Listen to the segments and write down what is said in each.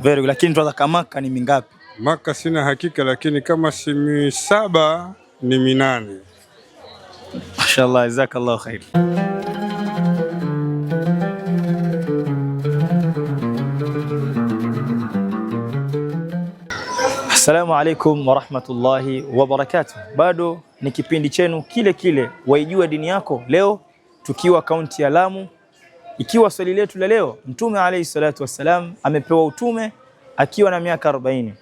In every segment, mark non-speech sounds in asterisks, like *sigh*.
Very, lakini tunaweza kamaka ni mingapi? Maka sina hakika, lakini kama si saba ni minane. Mashallah, jazakallahu khair. Assalamu alaikum warahmatullahi wabarakatuh. Bado ni kipindi chenu kile kile, waijua dini yako, leo tukiwa kaunti ya Lamu ikiwa swali letu la leo, Mtume alayhi salatu wassalam amepewa utume akiwa na miaka 40.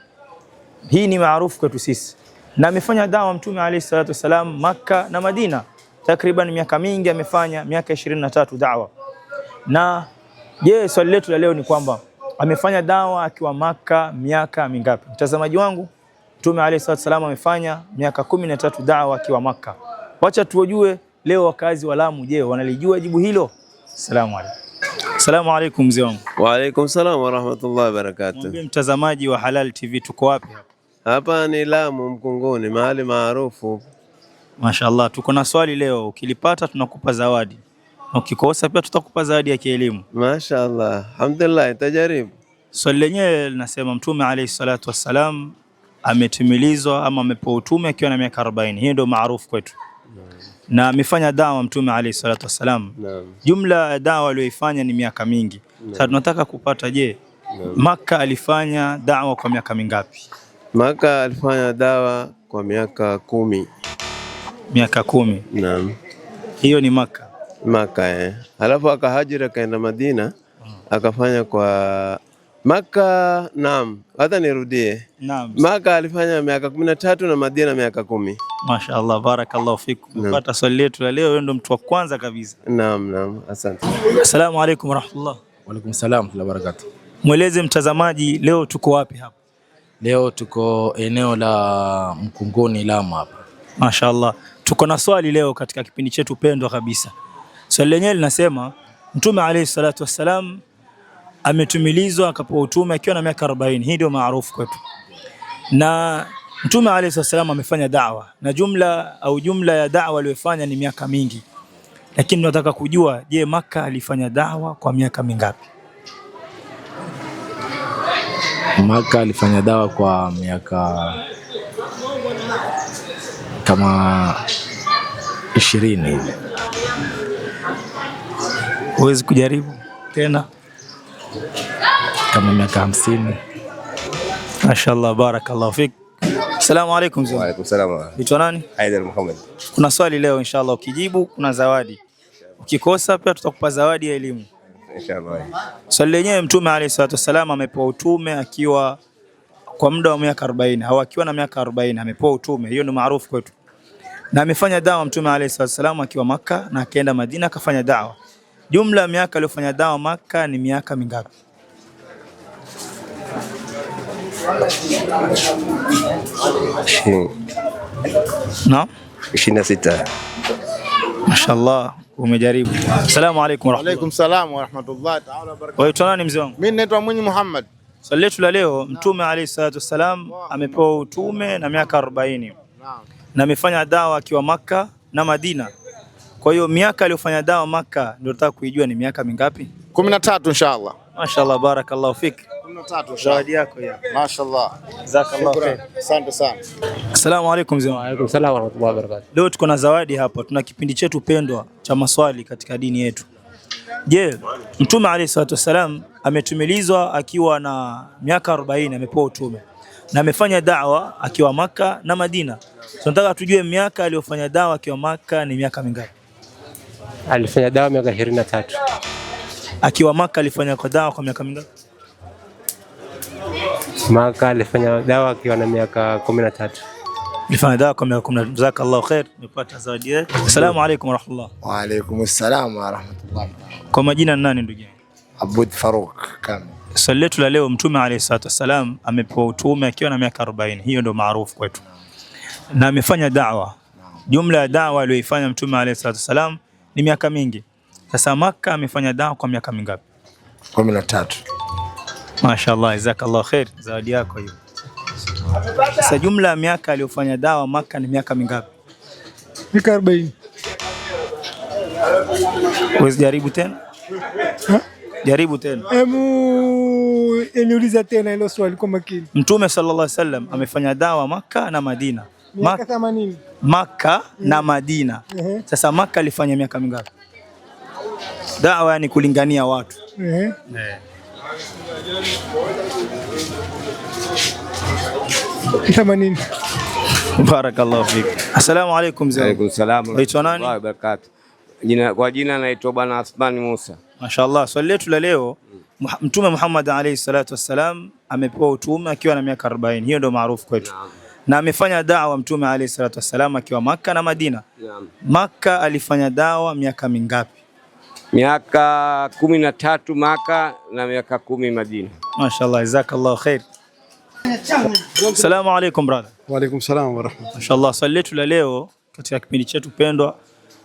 Hii ni maarufu kwetu sisi, na amefanya dawa Mtume alayhi salatu wassalam Makka na Madina, takriban miaka mingi amefanya, miaka 23 dawa. Na je, swali letu la leo ni kwamba amefanya dawa akiwa Makka miaka mingapi? Mtazamaji wangu, Mtume alayhi salatu wassalam amefanya miaka 13 dawa akiwa Makka. Wacha tuojue leo wakazi wa Lamu, je, wanalijua jibu hilo? Salamu alaikum. Salamu alaikum mzee wangu. Wa alaikum salamu wa rahmatullahi wa barakatuh. Mwambie mtazamaji wa Halal TV tuko wapi hapa? Hapa ni Lamu Mkunguni, mahali maarufu. Mashaallah, tuko na swali leo, ukilipata tunakupa zawadi na ukikosa pia tutakupa zawadi ya kielimu. Mashaallah, alhamdulillah, tajaribu. Swali lenyewe linasema Mtume alayhi salatu wassalam ametimilizwa ama amepewa utume akiwa na miaka 40. Hiyo ndio maarufu kwetu na amefanya dawa Mtume alayhi salatu wasalam. Jumla ya dawa aliyoifanya ni miaka mingi. Sasa tunataka kupata, je, Makka alifanya dawa kwa miaka mingapi? maka alifanya dawa kwa miaka kumi. Miaka kumi. Naam. Hiyo ni Maka. Maka, eh. Alafu akahajiri akaenda Madina hmm. akafanya kwa Maka, naam, hata nirudie. Naam. Maka alifanya miaka kumi na tatu na Madina miaka kumi. Mashaallah, barakallahu fiku Kupata swali letu la leo, ndio mtu wa kwanza kabisa. Naam, naam, asante. Asalamu alaykum warahmatullah. Wa alaykum salaam wa barakatuh. Mweleze mtazamaji leo tuko wapi hapa? Leo tuko eneo la Mkunguni Lamu hapa. Mashaallah. Tuko na swali leo katika kipindi chetu pendwa kabisa. Swali lenyewe linasema Mtume alayhi salatu wassalam ametumilizwa akapewa utume akiwa na miaka 40. Hii ndio maarufu kwetu, na Mtume alayhi salaam amefanya da'wa na jumla au jumla ya da'wa aliyofanya ni miaka mingi, lakini nataka kujua, je, Maka alifanya da'wa kwa miaka mingapi? Maka alifanya da'wa kwa miaka kama ishirini hivi. Huwezi kujaribu tena kama miaka hamsini. Mashallah, barakallahu fik. Assalamu alaykum. Wa alaykum salam. Itwa nani? Haidar Muhammad. Kuna swali leo inshallah, ukijibu kuna zawadi, ukikosa pia tutakupa zawadi ya elimu inshallah. Swali lenyewe, Mtume alayhi salatu wasalam amepewa utume akiwa kwa muda wa miaka 40 au akiwa na miaka 40 amepewa utume, hiyo ni maarufu kwetu, na amefanya dawa Mtume alayhi salatu wasalam akiwa Maka na akaenda Madina akafanya dawa. Jumla ya miaka aliyofanya dawa Maka ni miaka mingapi? Naam, ishirini na sita. Mashallah, umejaribu. Asalamu alaykum wa alaykum salam wa rahmatullahi ta'ala wa barakatuh. Waitwa nani mzee wangu? Mimi naitwa Mwinyi Muhammad. Swali letu la leo, Mtume alayhi salatu wassalam amepewa utume na miaka 40 na amefanya dawa akiwa Makka na Madina. Kwa hiyo miaka aliyofanya dawa Makka ndio nataka kuijua ni miaka mingapi? 13 inshallah. Mashallah, barakallahu fik. Zawadi yako ya. Mashallah. Asante sana. alaykum zima. alaykum salaam wa rahmatullahi wa barakatuh. Leo tuko na zawadi hapa, tuna kipindi chetu pendwa cha maswali katika dini yetu. Je, Mtume alayhi salatu wasalam ametumilizwa akiwa na miaka 40 amepewa utume na amefanya da'wa akiwa Maka na Madina. Tunataka tujue miaka aliyofanya da'wa akiwa Maka ni miaka mingapi? Alifanya da'wa miaka 23. Akiwa Maka alifanya kwa dawa kwa miaka mingapi? Maka alifanya dawa akiwa na miaka 13. Alifanya dawa kwa miaka kumi 13. Jazakallahu khair, nimepata zawadi yake. Asalamu alaykum wa rahmatullah. Wa alaykum assalam wa rahmatullah. Kwa majina nani ndugu yangu? Abud Faruk Kam. Swali letu la leo, Mtume alayhi salatu wasalam amepewa utume akiwa na miaka 40. Hiyo ndio maarufu kwetu, na amefanya dawa. Jumla ya dawa aliyoifanya Mtume alayhi salatu wasalam ni miaka mingi sasa Maka amefanya dawa kwa miaka mingapi? kumi na tatu. Mashaallah, jazakallah khair, zawadi yako hiyo. Sasa jumla ya miaka aliyofanya dawa Maka ni miaka mingapi? miaka arobaini. Wezi jaribu tena ha? Jaribu tena. Emu, niuliza tena hilo swali kwa makini. Mtume sallallahu alaihi wasallam amefanya dawa Maka na Madina miaka 80. Maka na mm. Madina. Sasa Maka alifanya miaka mingapi? Dawa yani kulingania watu eh. Barakallahu fik. Assalamu alaykum. Wa alaykum salamu. Naitwa nani? Wa barakatu. Jina, kwa jina naitwa Bwana Athmani Musa. Mashaallah, swali letu la leo Mtume Muhammad alayhi salatu wassalam amepewa utume akiwa na miaka 40. Hiyo ndio maarufu kwetu na, na amefanya dawa Mtume alayhi salatu wassalam akiwa Maka na Madina na. Maka alifanya dawa miaka mingapi? miaka kumi na tatu Maka na miaka kumi Madina. Mashaallah, jazakallahu khair. Salamu alaykum brother. Wa alaykum salam wa rahmatullah. Mashallah, swali letu la leo katika kipindi chetu pendwa,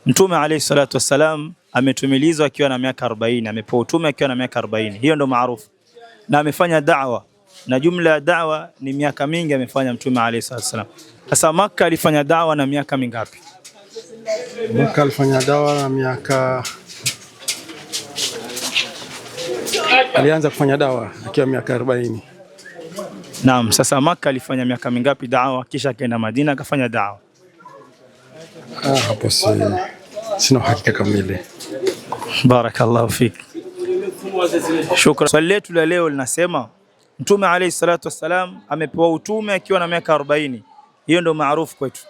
Mtume alayhi salatu wassalam ametumilizwa akiwa na miaka 40, amepewa utume akiwa na miaka 40. Hiyo ndo maarufu na amefanya da'wa na jumla ya da'wa ni miaka mingi amefanya Mtume alayhi salatu wassalam. Sasa Maka alifanya da'wa na miaka mingapi? Maka alifanya da'wa na miaka Alianza kufanya dawa akiwa miaka 40. Naam, sasa Maka alifanya miaka mingapi dawa kisha akaenda Madina akafanya dawa? Ah, hapo si sina hakika kamili. Barakallahu fik. Shukran. Swali letu la leo linasema Mtume alayhi salatu wassalam amepewa utume akiwa na miaka 40. Hiyo ndio maarufu kwetu,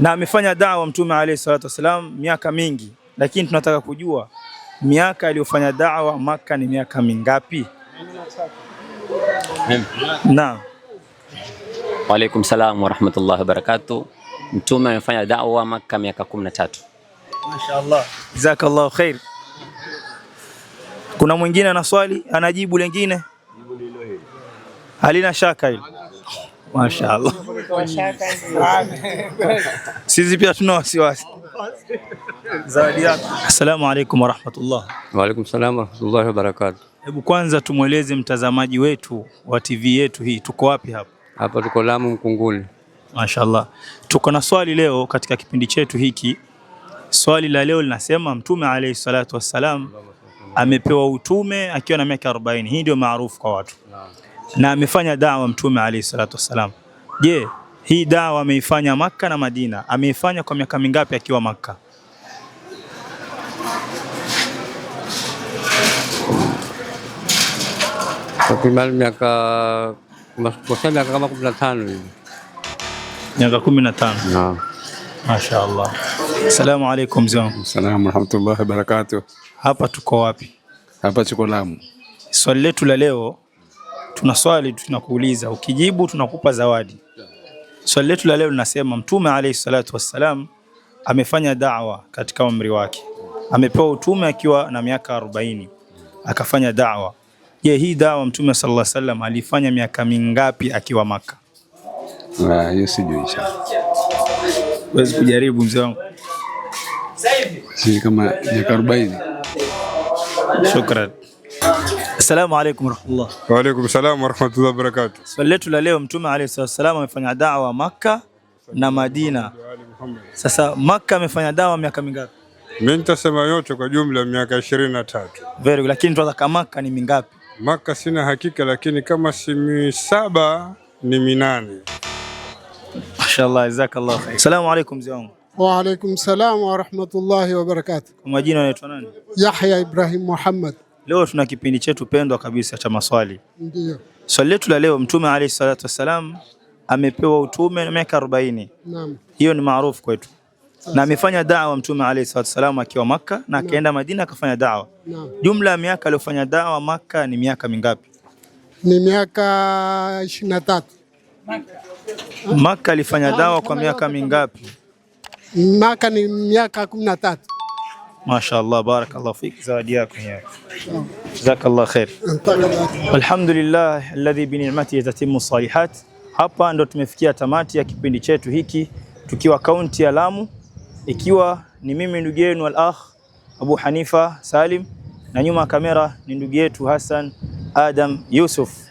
na amefanya dawa Mtume alayhi salatu wassalam miaka mingi, lakini tunataka kujua miaka aliyofanya dawa Maka ni miaka mingapi? Naam. Waalaikum salam warahmatullahi wabarakatuh. Mtume amefanya dawa Maka miaka 13. Mashaallah. Jazakallahu khair. Kuna mwingine ana swali anajibu lengine halina shaka hilo. Mashaallah. Sisi pia tuna wasiwasi *laughs* zawadi yako. Assalamu alaykum warahmatullah. Wa alaykum salam warahmatullahi wabarakatuh. Hebu kwanza tumweleze mtazamaji wetu wa TV yetu hii, tuko wapi hapa? Hapa tuko Lamu Mkunguni. Mashaallah, tuko na swali leo katika kipindi chetu hiki. Swali la leo linasema Mtume alayhi salatu wassalam amepewa utume akiwa na miaka 40. Hii ndio maarufu kwa watu na amefanya dawa Mtume alayhi salatu wassalam. Je, hii dawa ameifanya maka na Madina. Ameifanya kwa miaka mingapi akiwa Maka? Takriban miaka miaka kama kumi na tano hivi. Miaka kumi na tano. Naam. Masha Allah. Asalamu alaykum mzee wangu. Asalamu warahmatullahi wabarakatuh. Hapa tuko wapi? Hapa tuko Lamu. Swali letu la leo tuna swali tunakuuliza ukijibu tunakupa zawadi. Swali letu la leo linasema Mtume alayhi salatu wassalam amefanya da'wa katika umri wake, amepewa utume akiwa na miaka 40 akafanya da'wa. Je, hii da'wa Mtume sallallahu alayhi wasallam alifanya miaka mingapi akiwa Maka? Na hiyo sijui, Wewe kujaribu mzee wangu, si kama miaka 40. Shukrani. Assalamu alaykum warahmatullah. Wa alaykum salam warahmatullahi wabarakatuh. Swali letu la leo, Mtume alayhi wasallam amefanya da'wa Makka na Madina. Sasa Makka amefanya da'wa miaka mingapi? Mimi nitasema yote kwa jumla miaka 23. Very good. Lakini tunataka Makka ni mingapi? Makka sina hakika, lakini kama si misaba ni minane. Mashallah, jazakallah khair. Assalamu alaykum mzee wangu. Wa alaykum salam warahmatullahi wabarakatuh. Kwa majina unaitwa nani? Yahya Ibrahim Muhammad. Leo tuna kipindi chetu pendwa kabisa cha maswali. Ndio. Swali letu la leo, Mtume alayhi salatu wassalam amepewa utume na miaka 40. Naam. Hiyo ni maarufu kwetu. Na amefanya da'wa Mtume alayhi salatu wassalam akiwa Makka na akaenda Madina akafanya da'wa. Naam. Jumla ya miaka aliyofanya da'wa Makka ni miaka mingapi? Ni miaka 23. Makka alifanya da'wa kwa miaka mingapi? Makka ni miaka 13. Mashaallah, barakallahu fik, zawadi yako hiyo. Jazakallah khair. Alhamdulillah alladhi bi ni'matihi tatimmu salihat. Hapa ndo tumefikia tamati ya kipindi chetu hiki tukiwa kaunti ya Lamu, ikiwa ni mimi ndugu yenu al-akh Abu Hanifa Salim na nyuma ya kamera ni ndugu yetu Hassan Adam Yusuf.